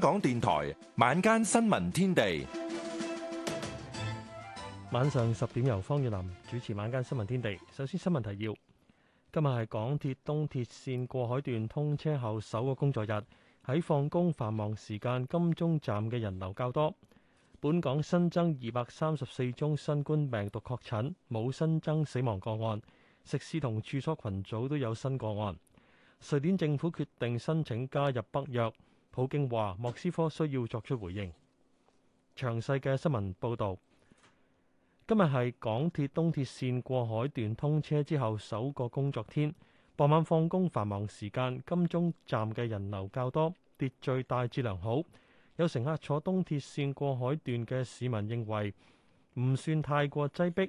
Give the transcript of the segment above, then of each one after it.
香港電台晚間新聞天地，晚上十點由方月林主持晚間新聞天地。首先新聞提要：今日係港鐵東鐵線過海段通車後首個工作日，喺放工繁忙時間，金鐘站嘅人流較多。本港新增二百三十四宗新冠病毒確診，冇新增死亡個案。食肆同處所群組都有新個案。瑞典政府決定申請加入北約。普京話：莫斯科需要作出回應。詳細嘅新聞報導。今日係港鐵東鐵線過海段通車之後首個工作天，傍晚放工繁忙時間，金鐘站嘅人流較多，秩序大致良好。有乘客坐東鐵線過海段嘅市民認為唔算太過擠迫。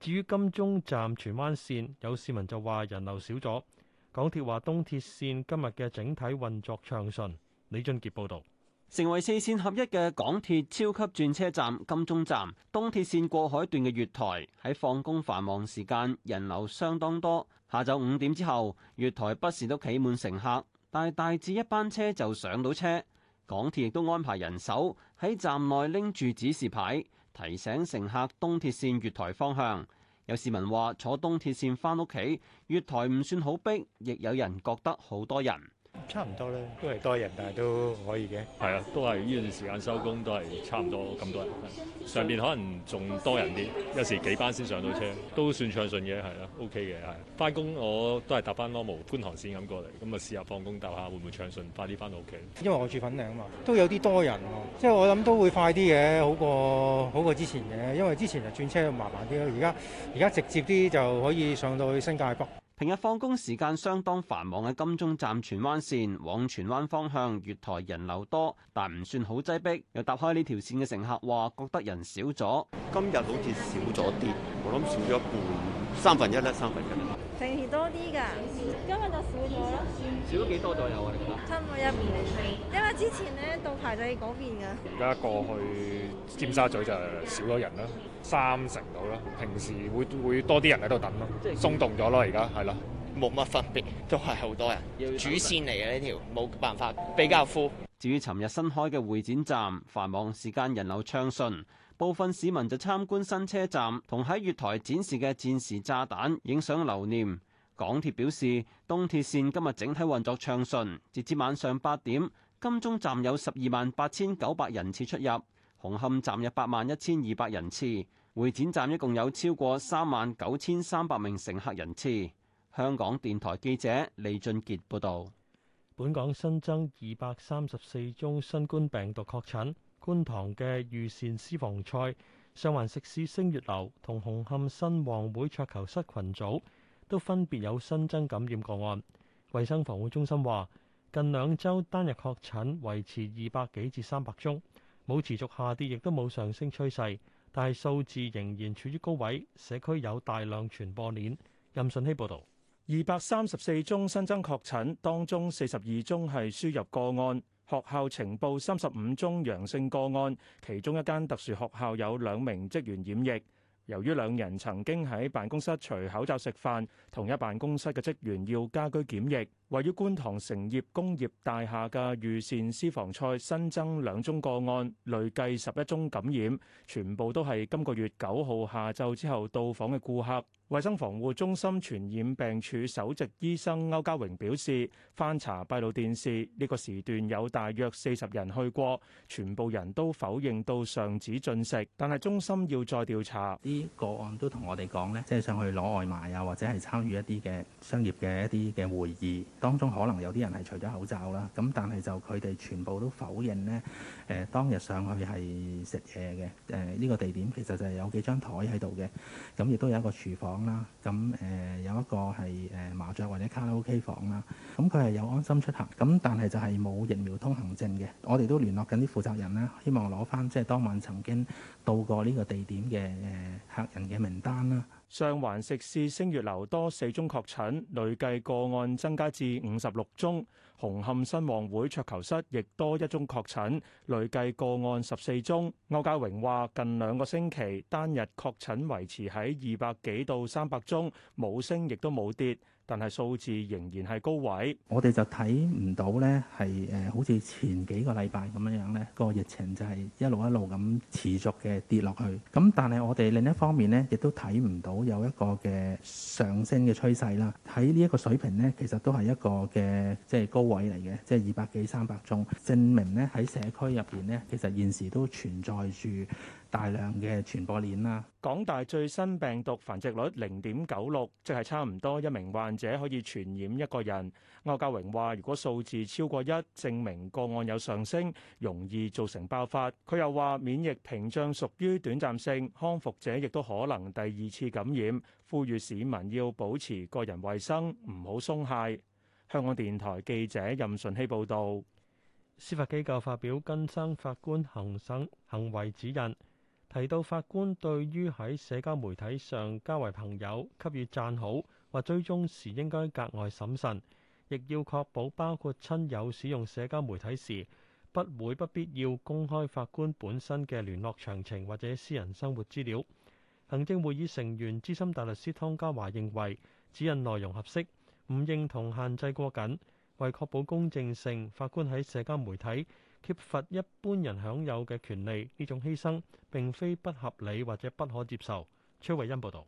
至於金鐘站荃灣線，有市民就話人流少咗。港鐵話東鐵線今日嘅整體運作暢順。李俊傑報道，成為四線合一嘅港鐵超級轉車站——金鐘站東鐵線過海段嘅月台，喺放工繁忙時間人流相當多。下晝五點之後，月台不時都企滿乘客，但大致一班車就上到車。港鐵亦都安排人手喺站內拎住指示牌，提醒乘客東鐵線月台方向。有市民話坐東鐵線翻屋企，月台唔算好逼，亦有人覺得好多人。差唔多啦，都係多人，但係都可以嘅。係啊，都係呢段時間收工都係差唔多咁多人，上邊可能仲多人啲，有時幾班先上到車，都算暢順嘅，係啦，OK 嘅係。翻工我都係搭翻羅帽潘行線咁過嚟，咁啊，試下放工搭下，會唔會暢順，快啲翻到屋企？因為我住粉嶺啊嘛，都有啲多人，即係我諗都會快啲嘅，好過好過之前嘅，因為之前啊轉車麻煩啲咯，而家而家直接啲就可以上到去新界北。平日放工時間相當繁忙嘅金鐘站荃灣線往荃灣方向，月台人流多，但唔算好擠逼。又搭開呢條線嘅乘客話，覺得人少咗。今日好似少咗啲，我諗少咗一半，三分一啦，三分一。平時多啲㗎，今日就少咗咯。少咗幾多左右啊？你覺得？差唔多一萬零四。因為之前咧，到排就係嗰邊㗎。而家過去尖沙咀就少咗人啦，三成度啦。平時會會多啲人喺度等咯，即係鬆動咗咯。而家係啦，冇乜分別，都係好多人。主線嚟嘅呢條，冇辦法比較闊。至於尋日新開嘅會展站，繁忙時間人流暢順。部分市民就參觀新車站，同喺月台展示嘅戰時炸彈影相留念。港鐵表示，東鐵線今日整體運作暢順，截至晚上八點，金鐘站有十二萬八千九百人次出入，紅磡站有八萬一千二百人次，會展站一共有超過三萬九千三百名乘客人次。香港電台記者李俊傑報導。本港新增二百三十四宗新冠病毒確診。觀塘嘅御膳私房菜、上環食肆星月樓同紅磡新旺會桌球室群組都分別有新增感染個案。衛生防護中心話，近兩週單日確診維持二百幾至三百宗，冇持續下跌亦都冇上升趨勢，但係數字仍然處於高位，社區有大量傳播鏈。任信希報導，二百三十四宗新增確診，當中四十二宗係輸入個案。學校呈報三十五宗陽性個案，其中一間特殊學校有兩名職員染疫，由於兩人曾經喺辦公室除口罩食飯，同一辦公室嘅職員要家居檢疫。位於觀塘成業工業大廈嘅御膳私房菜新增兩宗個案，累計十一宗感染，全部都係今個月九號下晝之後到訪嘅顧客。衞生防護中心傳染病處首席醫生歐家榮表示，翻查閉路電視，呢、呢個時段有大約四十人去過，全部人都否認到上址進食，但係中心要再調查。啲個案都同我哋講呢，即係上去攞外賣啊，或者係參與一啲嘅商業嘅一啲嘅會議，當中可能有啲人係除咗口罩啦，咁但係就佢哋全部都否認呢。誒當日上去係食嘢嘅，誒、這、呢個地點其實就係有幾張台喺度嘅，咁亦都有一個廚房。啦，咁誒有一個係誒麻雀或者卡拉 OK 房啦，咁佢係有安心出行，咁但係就係冇疫苗通行證嘅，我哋都聯絡緊啲負責人啦，希望攞返即係當晚曾經到過呢個地點嘅誒客人嘅名單啦。上環食肆星月樓多四宗確診，累計個案增加至五十六宗。紅磡新旺會桌球室亦多一宗確診，累計個案十四宗。歐家榮話：近兩個星期單日確診維持喺二百幾到三百宗，冇升亦都冇跌。但係數字仍然係高位，我哋就睇唔到咧，係誒好似前幾個禮拜咁樣樣咧，個疫情就係一路一路咁持續嘅跌落去。咁但係我哋另一方面咧，亦都睇唔到有一個嘅上升嘅趨勢啦。喺呢一個水平咧，其實都係一個嘅即係高位嚟嘅，即係二百幾三百宗，證明咧喺社區入邊咧，其實現時都存在住。大量嘅傳播鏈啦。港大最新病毒繁殖率零點九六，即係差唔多一名患者可以傳染一個人。歐家榮話：如果數字超過一，證明個案有上升，容易造成爆發。佢又話：免疫屏障屬於短暫性，康復者亦都可能第二次感染。呼籲市民要保持個人衛生，唔好鬆懈。香港電台記者任順熙報導。司法機構發表更新法官行省行為指引。提到法官對於喺社交媒體上加為朋友、給予讚好或追蹤時應該格外審慎，亦要確保包括親友使用社交媒體時，不會不必要公開法官本身嘅聯絡詳情或者私人生活資料。行政會議成員資深大律師湯家驊認為，指引內容合適，唔認同限制過緊，為確保公正性，法官喺社交媒體。缺乏一般人享有嘅權利，呢種犧牲並非不合理或者不可接受。崔慧欣報道，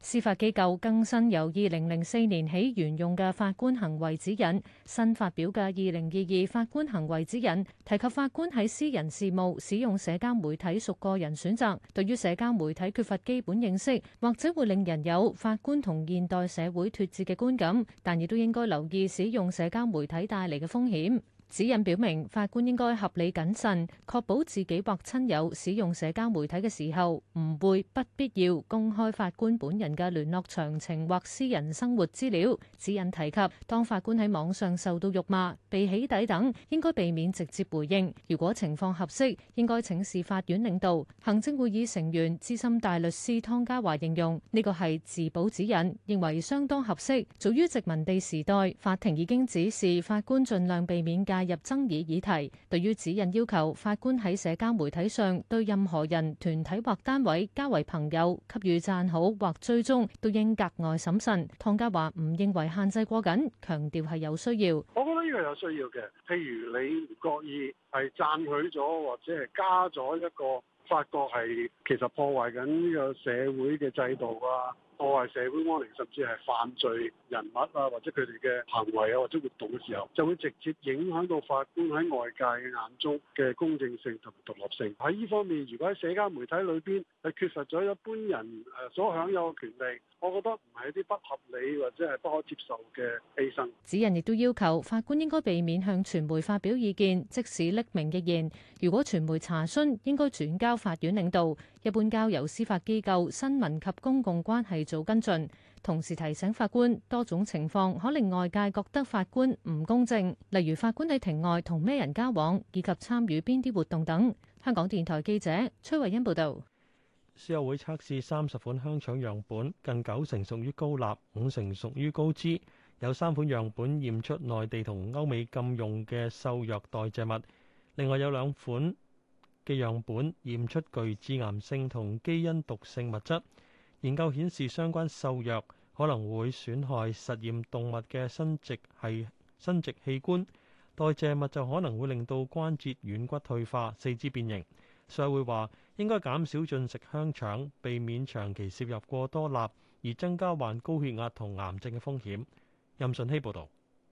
司法機構更新由二零零四年起沿用嘅法官行為指引，新發表嘅二零二二法官行為指引提及法官喺私人事務使用社交媒體屬個人選擇，對於社交媒體缺乏基本認識，或者會令人有法官同現代社會脫節嘅觀感，但亦都應該留意使用社交媒體帶嚟嘅風險。指引表明，法官應該合理謹慎，確保自己或親友使用社交媒體嘅時候，唔會不必要公開法官本人嘅聯絡詳情或私人生活資料。指引提及，當法官喺網上受到辱罵、被起底等，應該避免直接回應，如果情況合適應該請示法院領導。行政會議成員資深大律師湯家驊形容呢個係自保指引，認為相當合適，早於殖民地時代，法庭已經指示法官盡量避免納入爭議議題，對於指引要求，法官喺社交媒體上對任何人、團體或單位加為朋友、給予讚好或追蹤，都應格外審慎。湯家驊唔認為限制過緊，強調係有需要。我覺得呢個有需要嘅，譬如你唔覺意係讚許咗或者係加咗一個，發覺係其實破壞緊呢個社會嘅制度啊，破壞社會安寧，甚至係犯罪人物啊，或者佢哋嘅行為啊，或者活動嘅時候，就會直接影響到法官喺外界嘅眼中嘅公正性同埋獨立性。喺呢方面，如果喺社交媒體裏邊係缺乏咗一般人誒所享有嘅權利，我覺得唔係一啲不合理或者係不可接受嘅犧牲。指引亦都要求法官應該避免向傳媒發表意見，即使匿名嘅言，如果傳媒查詢，應該轉交法院領導，一般交由司法機構、新聞及公共關係做跟進，同時提醒法官多種情況可令外界覺得法官唔公正，例如法官喺庭外同咩人交往，以及參與邊啲活動等。香港電台記者崔慧欣報導。消委會測試三十款香腸樣本，近九成屬於高鈉，五成屬於高脂，有三款樣本驗出內地同歐美禁用嘅瘦肉代謝物，另外有兩款嘅樣本驗出具致癌性同基因毒性物質。研究顯示相關獸藥可能會損害實驗動物嘅生殖系生殖器官，代謝物就可能會令到關節軟骨退化、四肢變形。消委會話應該減少進食香腸，避免長期攝入過多鈉，而增加患高血壓同癌症嘅風險。任信希報導。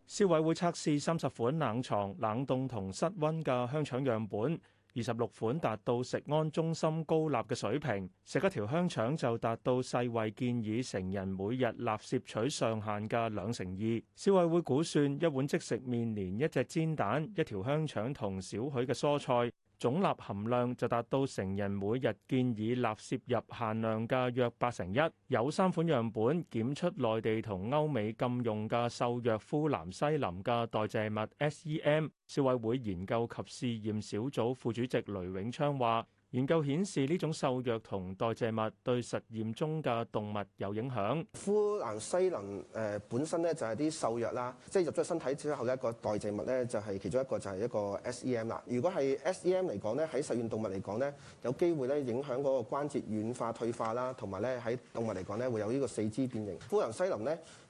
消委會測試三十款冷藏、冷凍同室温嘅香腸樣本。二十六款達到食安中心高鈉嘅水平，食一條香腸就達到世衞建議成人每日鈉攝取上限嘅兩成二。消委會估算一碗即食麵連一隻煎蛋、一條香腸同少許嘅蔬菜，總鈉含量就達到成人每日建議鈉攝入，入限量嘅約八成一，有三款樣本檢出內地同歐美禁用嘅獸藥呋喃西林嘅代謝物 SEM。消委會研究及試驗小組副主席雷永昌話。研究顯示呢種獸藥同代謝物對實驗中嘅動物有影響。呋喃西林誒、呃、本身咧就係、是、啲獸藥啦，即係入咗身體之後咧個代謝物咧就係、是、其中一個就係一個 SEM 啦。如果係 SEM 嚟講咧，喺實驗動物嚟講咧，有機會咧影響嗰個關節軟化退化啦，同埋咧喺動物嚟講咧會有呢個四肢變形。呋喃西林咧。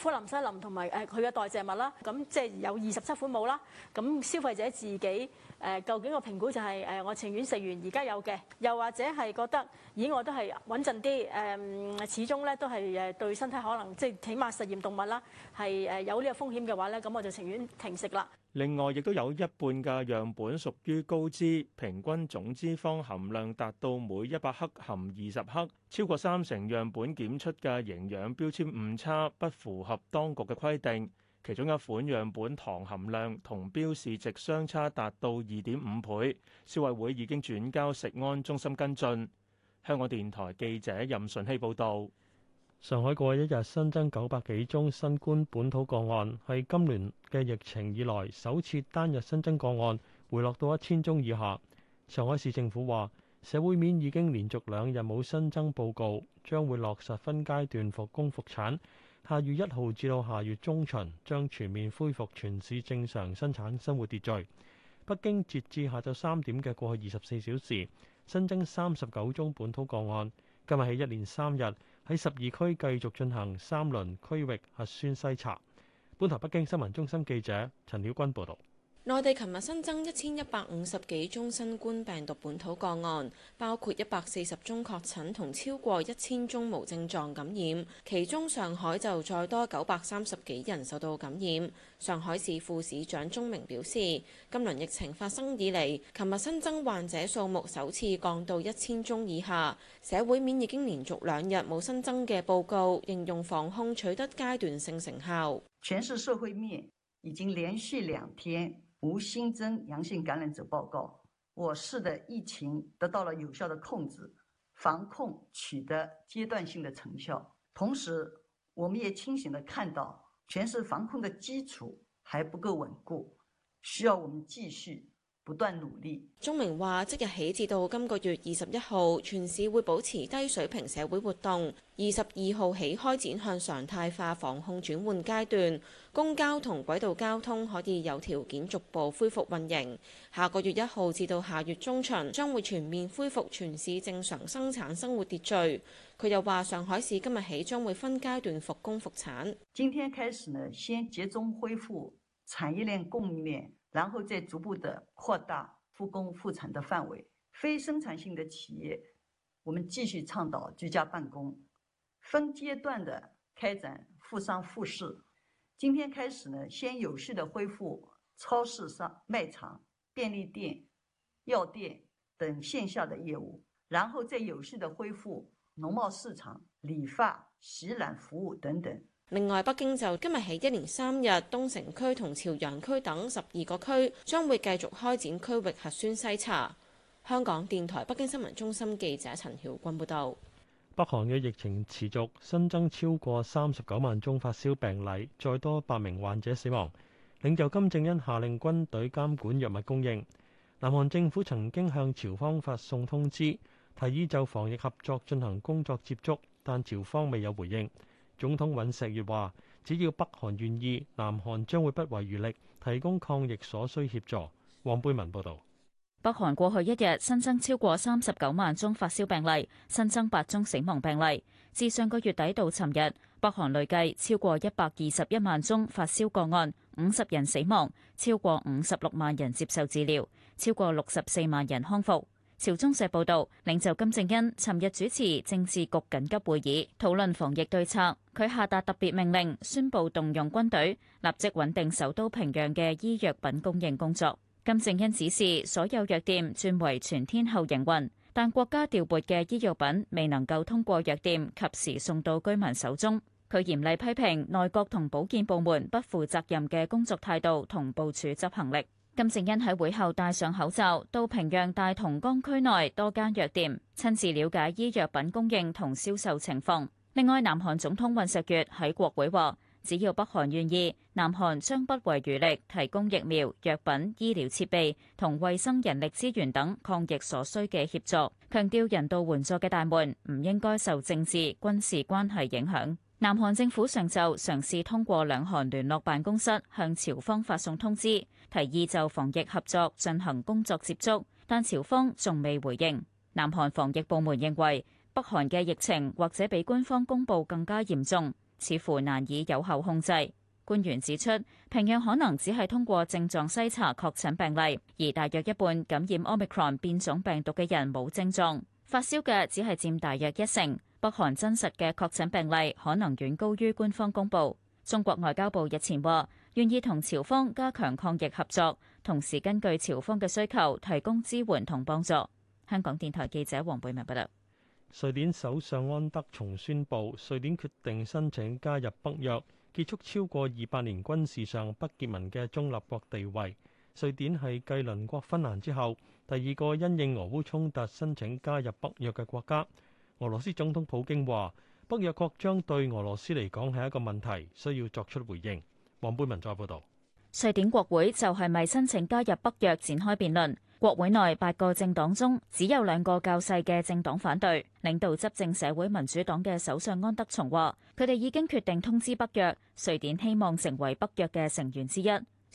呋喃西林同埋誒佢嘅代謝物啦，咁即係有二十七款冇啦。咁消費者自己誒究竟個評估就係誒我情願食完而家有嘅，又或者係覺得咦我都係穩陣啲誒，始終咧都係誒對身體可能即係起碼實驗動物啦係誒有呢個風險嘅話咧，咁我就情願停食啦。另外，亦都有一半嘅樣本屬於高脂，平均總脂肪含量達到每一百克含二十克。超過三成樣本檢出嘅營養標籤誤差不符合當局嘅規定，其中一款樣本糖含量同標示值相差達到二點五倍。消委會已經轉交食安中心跟進，香港電台記者任順希報道。上海過去一日新增九百幾宗新冠本土個案，係今年嘅疫情以來首次單日新增個案回落到一千宗以下。上海市政府話，社會面已經連續兩日冇新增報告，將會落實分階段復工復產。下月一號至到下月中旬，將全面恢復全市正常生產生活秩序。北京截至下晝三點嘅過去二十四小時，新增三十九宗本土個案，今日係一連三日。喺十二區繼續進行三輪區域核酸篩查。本台北京新聞中心記者陳曉君報道。內地琴日新增一千一百五十幾宗新冠病毒本土個案，包括一百四十宗確診同超過一千宗無症狀感染，其中上海就再多九百三十幾人受到感染。上海市副市長鍾明表示，今輪疫情發生以嚟，琴日新增患者數目首次降到一千宗以下，社會面已經連續兩日冇新增嘅報告，應用防控取得階段性成效。全市社會面已經連續兩天。無新增陽性感染者報告，我市的疫情得到了有效的控制，防控取得階段性的成效。同時，我們也清醒地看到，全市防控的基礎還不夠穩固，需要我們繼續。不斷努力。鍾明話即日起至到今個月二十一號，全市會保持低水平社會活動。二十二號起開展向常態化防控轉換階段，公交同軌道交通可以有條件逐步恢復運營。下個月一號至到下月中旬，將會全面恢復全市正常生產生活秩序。佢又話上海市今日起將會分階段復工復產。今天開始呢，先集中恢復產業鏈供應鏈。然後再逐步的擴大復工復產的範圍，非生產性的企業，我們繼續倡導居家辦公，分階段的開展復商復市。今天開始呢，先有序的恢復超市、商賣場、便利店、藥店等線下的業務，然後再有序的恢復農貿市場、理髮、洗染服務等等。另外，北京就今日起一連三日，東城區同朝陽區等十二個區將會繼續開展區域核酸篩查。香港電台北京新聞中心記者陳曉君報導。北韓嘅疫情持續新增超過三十九萬宗發燒病例，再多八名患者死亡。領袖金正恩下令軍隊監管藥物供應。南韓政府曾經向朝方發送通知，提議就防疫合作進行工作接觸，但朝方未有回應。總統尹錫悅話：只要北韓願意，南韓將會不遺餘力提供抗疫所需協助。黃貝文報導。北韓過去一日新增超過三十九萬宗發燒病例，新增八宗死亡病例。自上個月底到尋日，北韓累計超過一百二十一萬宗發燒個案，五十人死亡，超過五十六萬人接受治療，超過六十四萬人康復。朝中社報道，領袖金正恩尋日主持政治局緊急會議，討論防疫對策。佢下達特別命令，宣布動用軍隊，立即穩定首都平壤嘅醫藥品供應工作。金正恩指示所有藥店轉為全天候營運，但國家調撥嘅醫藥品未能夠通過藥店，及時送到居民手中。佢嚴厲批評內閣同保健部門不負責任嘅工作態度同部署執行力。金正恩喺會後戴上口罩，到平壤大同江區內多間藥店，親自了解醫藥品供應同銷售情況。另外，南韓總統尹錫悅喺國會話，只要北韓願意，南韓將不遺餘力提供疫苗、藥品、醫療設備同衛生人力資源等抗疫所需嘅協助，強調人道援助嘅大門唔應該受政治軍事關係影響。南韓政府上晝嘗試通過兩韓聯絡辦公室向朝方發送通知，提議就防疫合作進行工作接觸，但朝方仲未回應。南韓防疫部門認為北韓嘅疫情或者比官方公布更加嚴重，似乎難以有效控制。官員指出，平壤可能只係通過症狀篩查確診病例，而大約一半感染 Omicron 變種病毒嘅人冇症狀，發燒嘅只係佔大約一成。北韓真實嘅確診病例可能遠高於官方公布。中國外交部日前話：願意同朝方加強抗疫合作，同時根據朝方嘅需求提供支援同幫助。香港電台記者黃貝文報道。瑞典首相安德松宣布，瑞典決定申請加入北約，結束超過二百年軍事上不結盟嘅中立國地位。瑞典係繼鄰國芬蘭之後第二個因應俄烏衝突申請加入北約嘅國家。俄羅斯總統普京話，北約擴張對俄羅斯嚟講係一個問題，需要作出回應。黃貝文再報道：瑞典國會就係咪申請加入北約展開辯論。國會內八個政黨中，只有兩個較細嘅政黨反對。領導執政社會民主黨嘅首相安德松話，佢哋已經決定通知北約，瑞典希望成為北約嘅成員之一。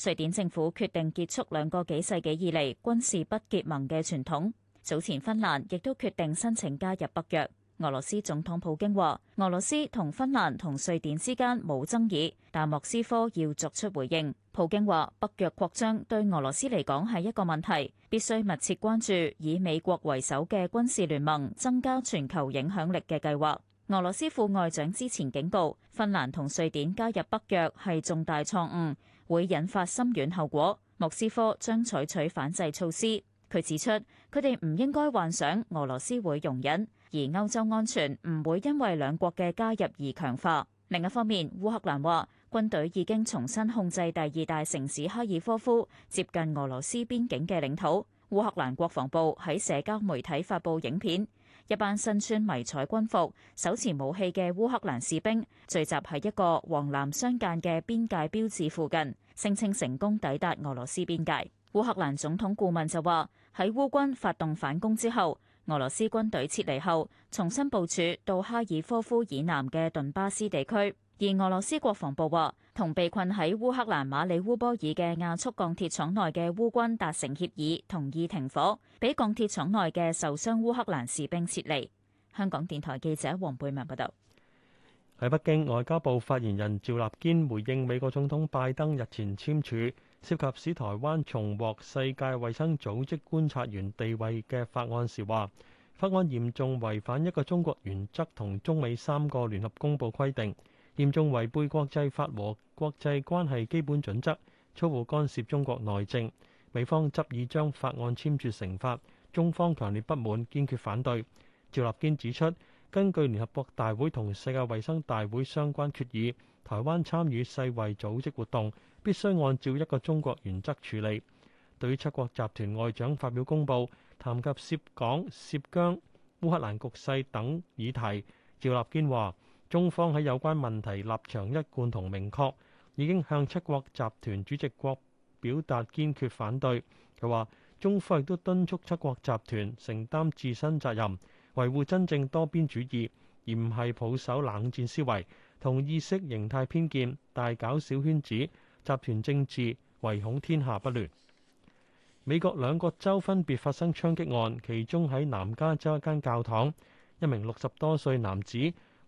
瑞典政府決定結束兩個幾世紀以嚟軍事不結盟嘅傳統。早前芬蘭亦都決定申請加入北約。俄羅斯總統普京話：俄羅斯同芬蘭同瑞典之間冇爭議，但莫斯科要作出回應。普京話，北約擴張對俄羅斯嚟講係一個問題，必須密切關注以美國為首嘅軍事聯盟增加全球影響力嘅計劃。俄羅斯副外長之前警告，芬蘭同瑞典加入北約係重大錯誤，會引發深遠後果。莫斯科將採取反制措施。佢指出，佢哋唔應該幻想俄羅斯會容忍，而歐洲安全唔會因為兩國嘅加入而強化。另一方面，烏克蘭話，軍隊已經重新控制第二大城市哈爾科夫接近俄羅斯邊境嘅領土。烏克蘭國防部喺社交媒體發佈影片，一班身穿迷彩軍服、手持武器嘅烏克蘭士兵聚集喺一個黃藍相間嘅邊界標誌附近，聲稱成功抵達俄羅斯邊界。烏克蘭總統顧問就話，喺烏軍發動反攻之後。俄羅斯軍隊撤離後，重新部署到哈爾科夫以南嘅頓巴斯地區。而俄羅斯國防部話，同被困喺烏克蘭馬里烏波爾嘅亞速鋼鐵廠內嘅烏軍達成協議，同意停火，俾鋼鐵廠內嘅受傷烏克蘭士兵撤離。香港電台記者黃貝文報道。喺北京，外交部發言人趙立堅回應美國總統拜登日前簽署涉及使台灣重獲世界衛生組織觀察員地位嘅法案時，話法案嚴重違反一個中國原則同中美三個聯合公佈規定，嚴重違背國際法和國際關係基本準則，粗暴干涉中國內政。美方執意將法案簽署成法，中方強烈不滿，堅決反對。趙立堅指出，根據聯合國大會同世界衛生大會相關決議。台灣參與世衛組織活動必須按照一個中國原則處理。對於七國集團外長發表公報，談及涉港、涉疆、烏克蘭局勢等議題，趙立堅話：中方喺有關問題立場一貫同明確，已經向七國集團主席國表達堅決反對。佢話：中方亦都敦促七國集團承擔自身責任，維護真正多邊主義，而唔係抱守冷戰思維。同意識形態偏見，大搞小圈子、集團政治，唯恐天下不亂。美國兩個州分別發生槍擊案，其中喺南加州一間教堂，一名六十多歲男子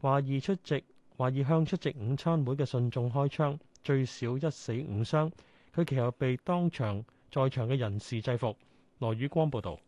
懷疑出席懷疑向出席午餐會嘅信眾開槍，最少一死五傷。佢其後被當場在場嘅人士制服。羅宇光報道。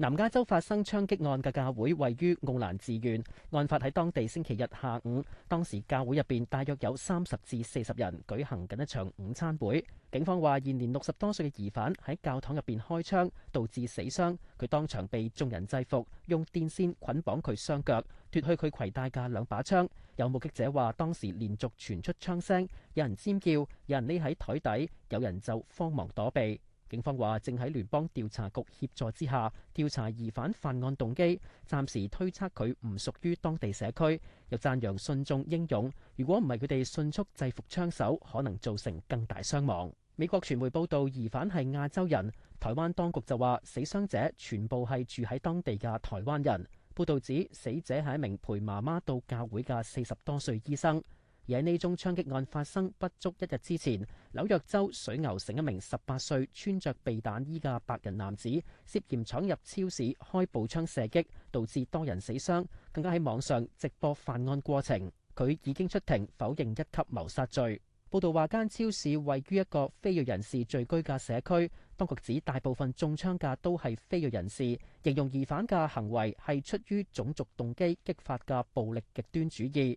南加州發生槍擊案嘅教會位於奧蘭治縣，案發喺當地星期日下午。當時教會入邊大約有三十至四十人舉行緊一場午餐會。警方話，現年六十多歲嘅疑犯喺教堂入邊開槍，導致死傷。佢當場被眾人制服，用電線捆綁佢雙腳，奪去佢攜帶嘅兩把槍。有目擊者話，當時連續傳出槍聲，有人尖叫，有人匿喺台底，有人就慌忙躲避。警方話正喺聯邦調查局協助之下調查疑犯犯，犯案動機，暫時推測佢唔屬於當地社區，又讚揚信眾英勇。如果唔係佢哋迅速制服槍手，可能造成更大傷亡。美國傳媒報導疑犯係亞洲人，台灣當局就話死傷者全部係住喺當地嘅台灣人。報導指死者係一名陪媽媽到教會嘅四十多歲醫生。而喺呢宗槍擊案發生不足一日之前，紐約州水牛城一名十八歲穿著避彈衣嘅白人男子涉嫌闖入超市開步槍射擊，導致多人死傷，更加喺網上直播犯案過程。佢已經出庭否認一級謀殺罪。報道話間超市位於一個非裔人士聚居嘅社區，當局指大部分中槍嘅都係非裔人士，形容疑犯嘅行為係出於種族動機激發嘅暴力極端主義。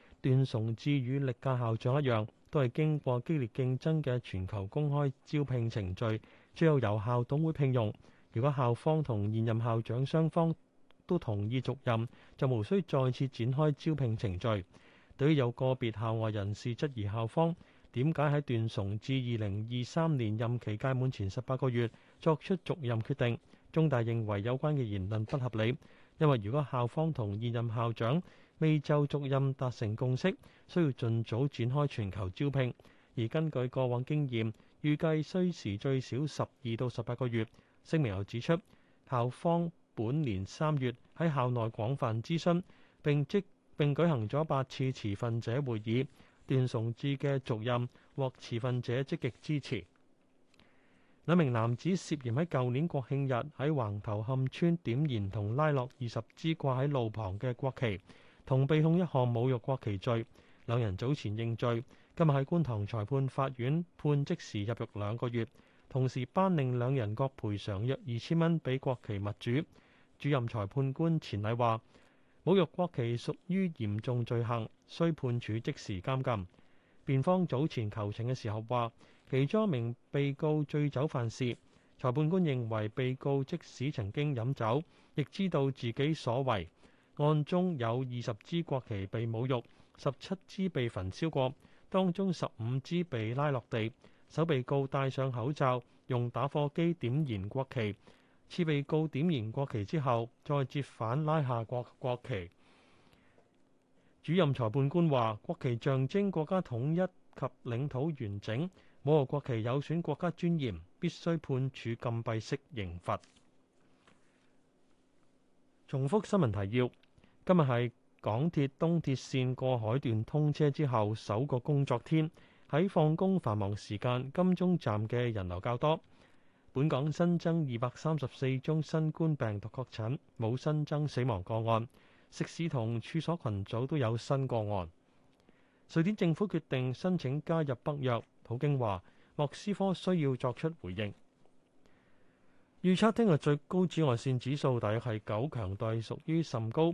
段崇智與歷屆校長一樣，都係經過激烈競爭嘅全球公開招聘程序，最後由校董會聘用。如果校方同現任校長雙方都同意續任，就無需再次展開招聘程序。對於有個別校外人士質疑校方點解喺段崇智2023年任期屆滿前十八個月作出續任決定，中大認為有關嘅言論不合理，因為如果校方同現任校長未就續任達成共識，需要盡早展開全球招聘。而根據過往經驗，預計需時最少十二到十八個月。聲明又指出，校方本年三月喺校內廣泛諮詢，並即並舉行咗八次持份者會議。段崇智嘅續任獲持份者積極支持。兩名男子涉嫌喺舊年國慶日喺橫頭磡村點燃同拉落二十支掛喺路旁嘅國旗。同被控一項侮辱國旗罪，兩人早前認罪，今日喺觀塘裁判法院判即時入獄兩個月，同時頒令兩人各賠償約二千蚊俾國旗物主。主任裁判官錢禮話侮辱國旗屬於嚴重罪行，需判處即時監禁。辯方早前求情嘅時候話其中一名被告醉酒犯事，裁判官認為被告即使曾經飲酒，亦知道自己所為。案中有二十支國旗被侮辱，十七支被焚燒過，當中十五支被拉落地。首被告戴上口罩，用打火機點燃國旗；次被告點燃國旗之後再折返拉下國國旗。主任裁判官話國旗象徵國家統一及領土完整，冇辱國旗有損國家尊嚴，必須判處禁閉式刑罰。重複新聞提要。今日係港鐵東鐵線過海段通車之後首個工作天，喺放工繁忙時間，金鐘站嘅人流較多。本港新增二百三十四宗新冠病毒確診，冇新增死亡個案，食肆同處所群組都有新個案。瑞典政府決定申請加入北約，普京話莫斯科需要作出回應。預測聽日最高紫外線指數大約係九，強度屬於甚高。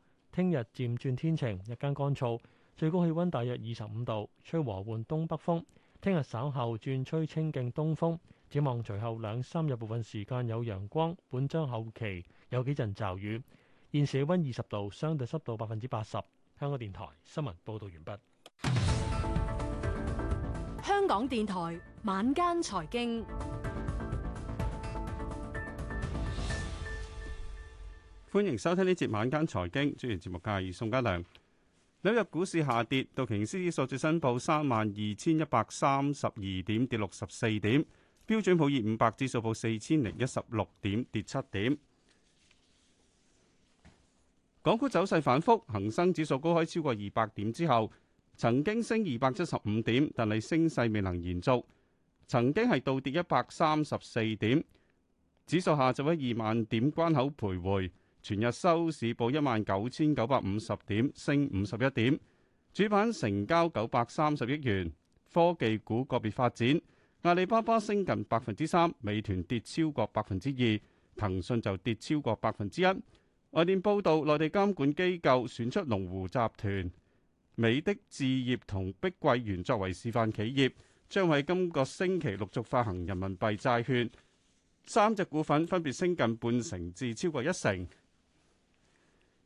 聽日漸轉天晴，日間乾燥，最高氣溫大約二十五度，吹和緩東北風。聽日稍後轉吹清勁東風，展望隨後兩三日部分時間有陽光，本週後期有幾陣驟雨。現時氣溫二十度，相對濕度百分之八十。香港電台新聞報道完畢。香港電台晚間財經。歡迎收聽呢節晚間財經專員，主持節目嘅係宋嘉良。紐約股市下跌，道瓊斯指數最新報三萬二千一百三十二點，跌六十四點；標準普爾五百指數報四千零一十六點，跌七點。港股走勢反覆，恒生指數高開超過二百點之後，曾經升二百七十五點，但係升勢未能延續，曾經係倒跌一百三十四點，指數下晝喺二萬點關口徘徊。全日收市報一萬九千九百五十點，升五十一點。主板成交九百三十億元。科技股個別發展，阿里巴巴升近百分之三，美團跌超過百分之二，騰訊就跌超過百分之一。外電報道，內地監管機構選出龍湖集團、美的置業同碧桂園作為示範企業，將喺今個星期陸續發行人民幣債券。三隻股份分別升近半成至超過一成。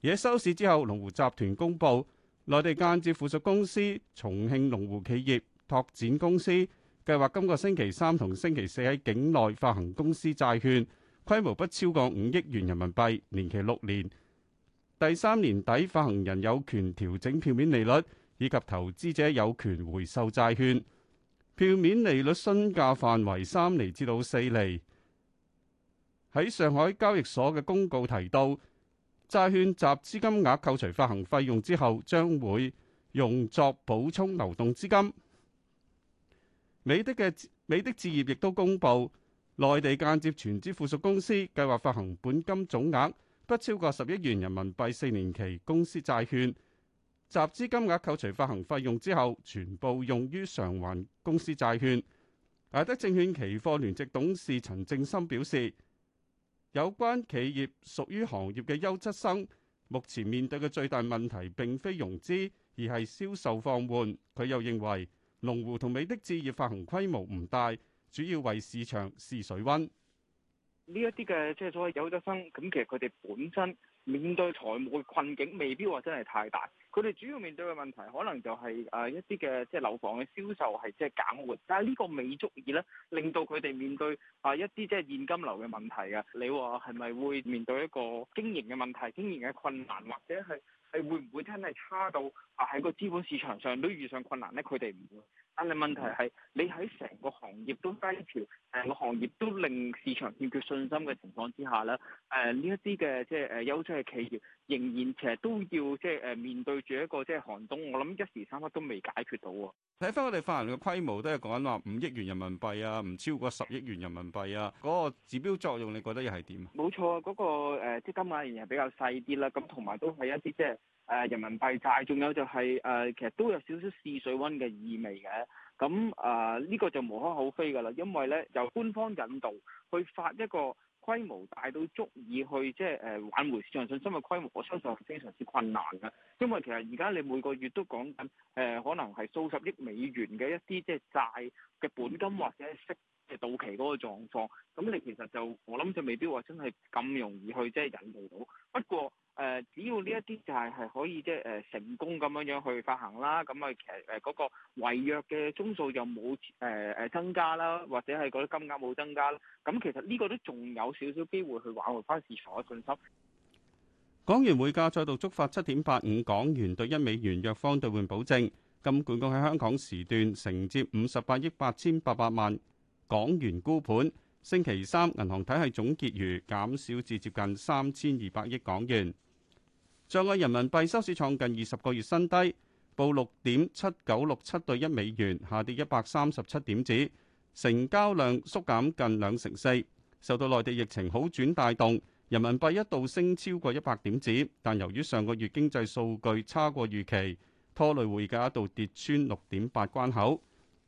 嘢收市之後，龍湖集團公佈，內地間接附屬公司重慶龍湖企業拓展公司計劃今個星期三同星期四喺境內發行公司債券，規模不超過五億元人民幣，年期六年，第三年底發行人有權調整票面利率，以及投資者有權回售債券，票面利率詢價範圍三厘至到四厘。喺上海交易所嘅公告提到。債券集資金額扣除發行費用之後，將會用作補充流動資金。美的嘅美的置業亦都公布，內地間接全資附屬公司計劃發行本金總額不超過十億元人民幣四年期公司債券，集資金額扣除發行費用之後，全部用於償還公司債券。艾德證券期貨聯席董事陳正森表示。有關企業屬於行業嘅優質生，目前面對嘅最大問題並非融資，而係銷售放緩。佢又認為，龍湖同美的置業發行規模唔大，主要為市場試水溫。呢一啲嘅即係所謂優質生，咁其實佢哋本身面對財務嘅困境，未必話真係太大。佢哋主要面對嘅問題，可能就係誒一啲嘅即係樓房嘅銷售係即係減緩，但係呢個未足以咧，令到佢哋面對啊一啲即係現金流嘅問題㗎。你話係咪會面對一個經營嘅問題、經營嘅困難，或者係係會唔會真係差到啊喺個資本市場上都遇上困難咧？佢哋唔會。但係問題係，你喺成個行業都低調，誒個行業都令市場欠缺信心嘅情況之下咧，誒呢一啲嘅即係誒優質嘅企業，仍然其實都要即係誒面對住一個即係寒冬。我諗一時三刻都未解決到喎。睇翻我哋發行嘅規模，都係講緊話五億元人民幣啊，唔超過十億元人民幣啊，嗰、那個指標作用，你覺得又係點啊？冇錯，嗰、那個誒、呃、即金額仍然係比較細啲啦。咁同埋都係一啲即係。誒、呃、人民幣債，仲有就係、是、誒、呃，其實都有少少試水溫嘅意味嘅。咁、呃、啊，呢、這個就無可厚非㗎啦，因為咧由官方引導去發一個規模大到足以去即係誒挽回市場信心嘅規模，我相信非常之困難㗎。因為其實而家你每個月都講緊誒，可能係數十億美元嘅一啲即係債嘅本金或者息嘅到期嗰個狀況，咁你其實就我諗就未必話真係咁容易去即係引導到。不過，誒，只要呢一啲就係係可以即係誒成功咁樣樣去發行啦，咁啊其實誒嗰個違約嘅宗數又冇誒誒增加啦，或者係嗰啲金額冇增加啦，咁其實呢個都仲有少少機會去挽回翻市場嘅信心。港元匯價再度觸發七點八五港元兌一美元，弱方兌換保證，金管局喺香港時段承接五十八億八千八百萬港元沽盤，星期三銀行體系總結餘減少至接近三千二百億港元。在岸人民幣收市創近二十個月新低，報六點七九六七對一美元，下跌一百三十七點子，成交量縮減近兩成四。受到內地疫情好轉帶動，人民幣一度升超過一百點子，但由於上個月經濟數據差過預期，拖累匯價一度跌穿六點八關口。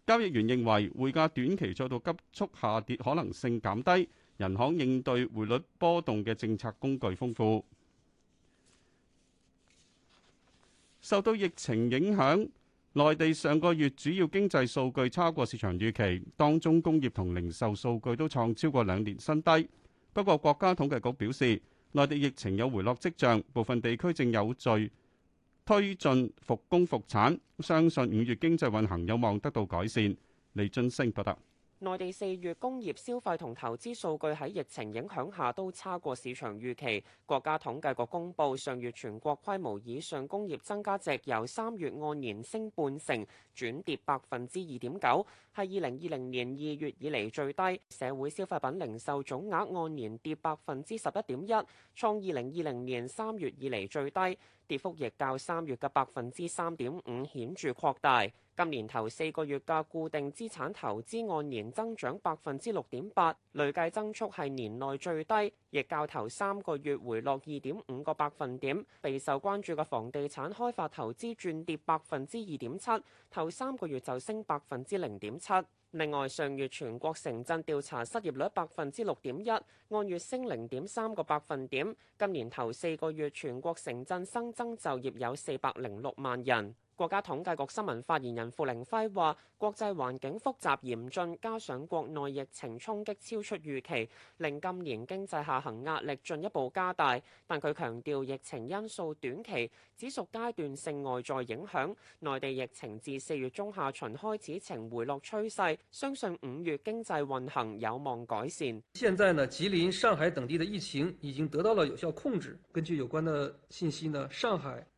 交易員認為匯價短期再度急速下跌可能性減低，人行應對匯率波動嘅政策工具豐富。受到疫情影響，內地上個月主要經濟數據差超過市場預期，當中工業同零售數據都創超過兩年新低。不過國家統計局表示，內地疫情有回落跡象，部分地區正有序推進復工復產，相信五月經濟運行有望得到改善。李津升報道。內地四月工業消費同投資數據喺疫情影響下都差過市場預期。國家統計局公佈，上月全國規模以上工業增加值由三月按年升半成轉跌百分之二點九，係二零二零年二月以嚟最低。社會消費品零售總額按年跌百分之十一點一，創二零二零年三月以嚟最低。跌幅亦較三月嘅百分之三點五顯著擴大。今年頭四個月嘅固定資產投資按年增長百分之六點八，累計增速係年內最低。亦較頭三個月回落二點五個百分點，備受關注嘅房地產開發投資轉跌百分之二點七，頭三個月就升百分之零點七。另外，上月全國城鎮調查失業率百分之六點一，按月升零點三個百分點。今年頭四個月全國城鎮新增就業有四百零六萬人。國家統計局新聞發言人傅玲輝話：國際環境複雜嚴峻，加上國內疫情衝擊超出預期，令今年經濟下行壓力進一步加大。但佢強調，疫情因素短期只屬階段性外在影響，內地疫情自四月中下旬開始呈回落趨勢，相信五月經濟運行有望改善。現在呢，吉林、上海等地嘅疫情已經得到了有效控制。根據有關的信息呢，上海，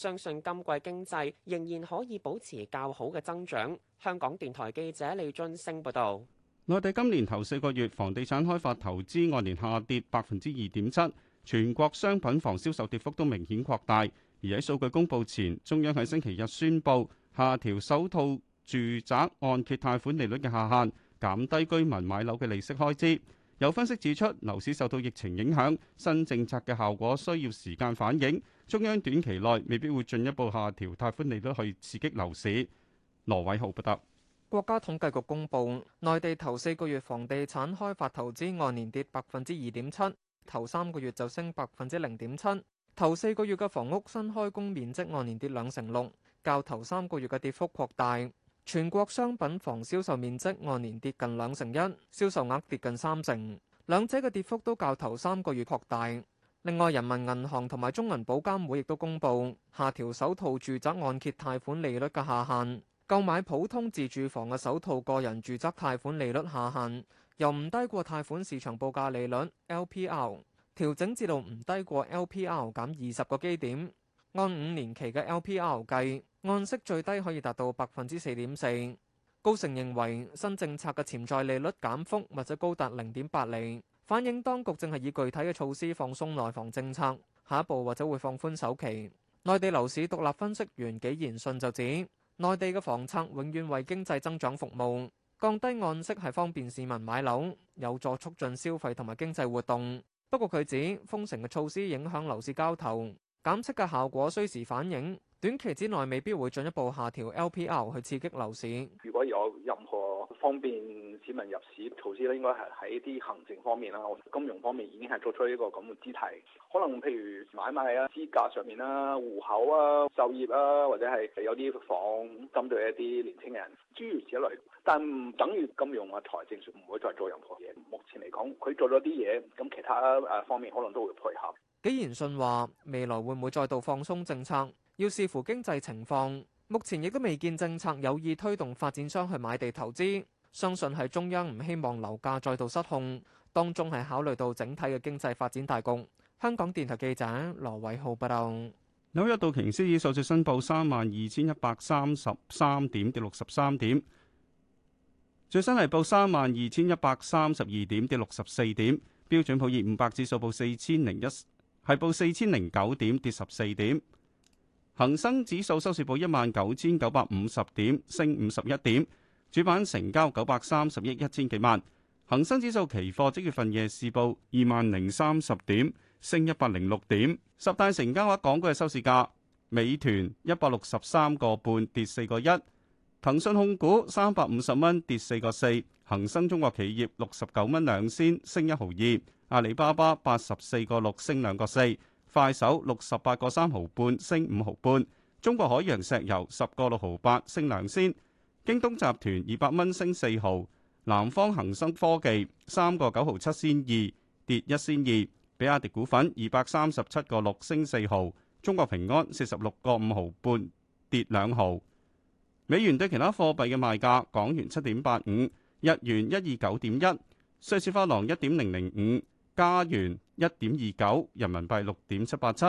相信今季經濟仍然可以保持較好嘅增長。香港電台記者李俊星報道：「內地今年頭四個月房地產開發投資按年下跌百分之二點七，全國商品房銷售跌幅都明顯擴大。而喺數據公佈前，中央喺星期日宣布下調首套住宅按揭貸款利率嘅下限，減低居民買樓嘅利息開支。有分析指出，樓市受到疫情影響，新政策嘅效果需要時間反映。中央短期內未必會進一步下調貸款利率去刺激樓市。羅偉浩報道。國家統計局公布內地頭四個月房地產開發投資按年跌百分之二點七，頭三個月就升百分之零點七。頭四個月嘅房屋新開工面積按年跌兩成六，較頭三個月嘅跌幅擴大。全國商品房銷售面積按年跌近兩成一，銷售額跌近三成，兩者嘅跌幅都較頭三個月擴大。另外，人民銀行同埋中銀保監會亦都公布，下調首套住宅按揭貸款利率嘅下限，購買普通自住房嘅首套個人住宅貸款利率下限由唔低過貸款市場報價利率 LPR，調整至到唔低過 LPR 減二十個基點，按五年期嘅 LPR 計。按息最低可以達到百分之四點四，高盛認為新政策嘅潛在利率減幅或者高達零點八厘，反映當局正係以具體嘅措施放鬆內房政策，下一步或者會放寬首期。內地樓市獨立分析員紀賢信就指，內地嘅房策永遠為經濟增長服務，降低按息係方便市民買樓，有助促進消費同埋經濟活動。不過佢指，封城嘅措施影響樓市交投，減息嘅效果需時反映。短期之內未必會進一步下調 LPR 去刺激樓市。如果有任何方便市民入市措施，咧，應該係喺啲行政方面啦，金融方面已經係做出呢個咁嘅姿態。可能譬如買賣啊、資格上面啦、啊、戶口啊、就業啊，或者係有啲房針對一啲年輕人，諸如此類。但唔等於金融啊、財政唔會再做任何嘢。目前嚟講，佢做咗啲嘢，咁其他誒方面可能都會配合。紀賢信話：未來會唔會再度放鬆政策？要視乎經濟情況，目前亦都未見政策有意推動發展商去買地投資，相信係中央唔希望樓價再度失控，當中係考慮到整體嘅經濟發展大局。香港電台記者羅偉浩報道。紐約道瓊斯指數最新報三萬二千一百三十三點，跌六十三點；最新係報三萬二千一百三十二點，跌六十四點。標準普爾五百指數報四千零一，係報四千零九點，跌十四點。恒生指數收市報一萬九千九百五十點，升五十一點。主板成交九百三十億一千幾萬。恒生指數期貨即月份夜市報二萬零三十點，升一百零六點。十大成交話講嘅係收市價。美團一百六十三個半跌四個一。騰訊控股三百五十蚊跌四個四。恒生中國企業六十九蚊兩仙升一毫二。阿里巴巴八十四個六升兩個四。快手六十八個三毫半，升五毫半。中國海洋石油十個六毫八，升兩仙。京東集團二百蚊升四毫。南方恒生科技三個九毫七仙二，跌一仙二。比亞迪股份二百三十七個六，升四毫。中國平安四十六個五毫半，跌兩毫。美元對其他貨幣嘅賣價：港元七點八五，日元一二九點一，瑞士法郎一點零零五，加元，一點二九，人民幣六點七八七，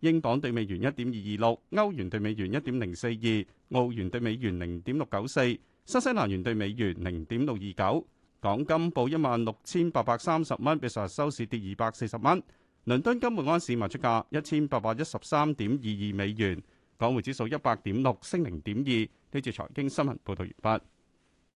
英鎊對美元一點二二六，歐元對美元一點零四二，澳元對美元零點六九四，新西蘭元對美元零點六二九。港金報一萬六千八百三十蚊，比上日收市跌二百四十蚊。倫敦金每安士賣出價一千八百一十三點二二美元，港匯指數一百點六升零點二。呢節財經新聞報道完畢。